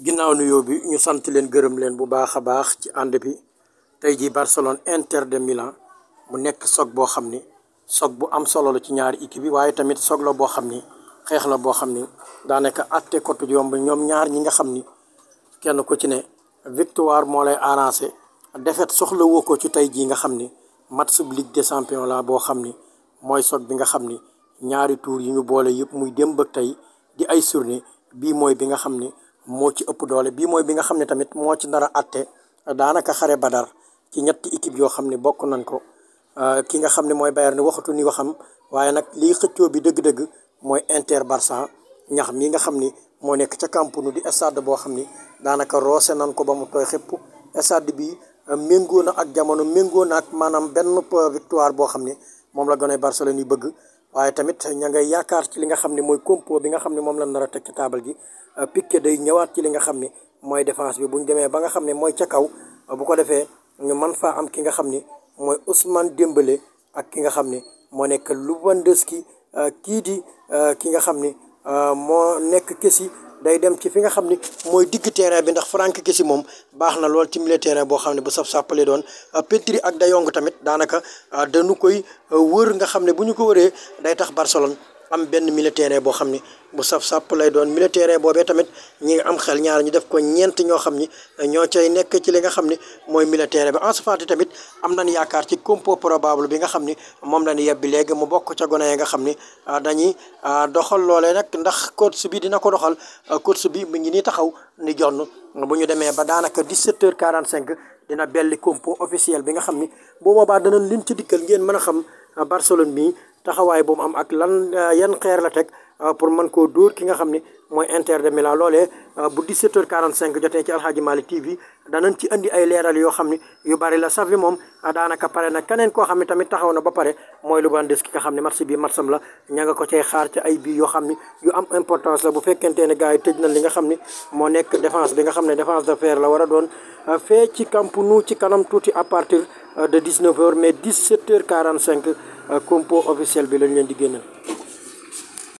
ginnaaw nuyoo bi ñu sant leen gërëm leen bu baax a baax ci ànd bi tey jii Barcelone Inter de Milan mu nekk choc boo xam ni choc bu am solo la ci ñaari équipe bi waaye tamit choc la boo xam ni xeex la boo xam ni daanaka àtte ko yomb ñoom ñaar ñi nga xam ni kenn ku ci ne victoire moo lay arrangé défaite soxla woo ko ci tey jii nga xam ni match bu Ligue des Champions la boo xam ni mooy choc bi nga xam ni ñaari tour yi ñu boole yëpp muy démb ak tey di ay surni bii mooy bi nga xam ni. moo ci ëpp doole bii mooy bi nga xam ne tamit moo ci nar a daanaka xare badar ci ñetti équipe yoo xam ne bokk nañ ko euh, ki nga xam ne mooy Bayern ni waxatu ni xam waaye nag lii xëccoo bi dëgg-dëgg mooy Inter Barça ñax mii nga xam ni moo nekk ca Camp Nou di stade boo xam ni daanaka roose nañ ko ba mu tooy xëpp stade bi euh, méngoo na ak jamono méngoo na ak maanaam benn victoire boo xam ne moom la gone Barcelone yi bëgg waaye tamit ña ngay yaakaar ci li nga xam ni mooy compo bi nga xam ne moom lañ nara a teg ci taabal euh, day ñëwaat ci li nga xam ni mooy défense bi bu demee ba nga xam ne mooy ca kaw euh, bu ko defee ñu man faa am ki nga xam ni mooy Ousmane démbale ak ki nga xam ni moo nekk Lewandowski euh, kii di ki nga xam ni moo nekk Kessie day dem ci fi nga xam ni mooy digg terrain bi ndax Franck Kessie moom baax na lool ci milieu terrain boo xam ne bu saf sàppale doon euh, Pedri ak De Jong tamit daanaka euh, danu koy euh, wër nga xam ne bu ñu ko wëree day tax Barcelone am benn militaire boo xam ni bu saf sàpp lay doon militaire boobee tamit ñi am xel ñaar ñu def ko ñeent ñoo xam ni ñoo cay nekk ci li nga xam ni mooy militaire bi en ce tamit am nañ yaakaar ci compo probable bi nga xam ni moom lañ yebbi léegi mu bokk ca gone yi nga xam ni ah, dañuy ah, doxal loolee nag ndax coach bi dina ko doxal ah, coach bi mu ngi nii taxaw ni jonn bu ñu demee ba daanaka 17 quarante cinq dina belli compo officiel bi nga xam ni bu boobaa danañ leen ci dikkal ngeen mën a xam Barcelone bi taxawaay bu mu am ak lan euh, yan xeer la teg euh, pour mën koo dóor ki nga xam ni mooy internet mi la loole euh, bu 17h45 jotee ci Aladji Malick TV danañ ci andi ay leeral yoo xam ni yu bari la Xavi moom daanaka pare na keneen koo xam ne tamit taxaw na ba pare mooy Lewandowski nga xam ne match bi matcham la ña nga ko cay xaar ci ay bi yoo xam ni yu am importance la bu fekkente ne gars yi tëj nañ li nga xam ni moo nekk défense bi nga xam ne défense de la war a doon fee ci Camp Nou ci kanam tuuti à partir de 19h mais 17h45 Euh, compo officiel bi lañ leen di génnal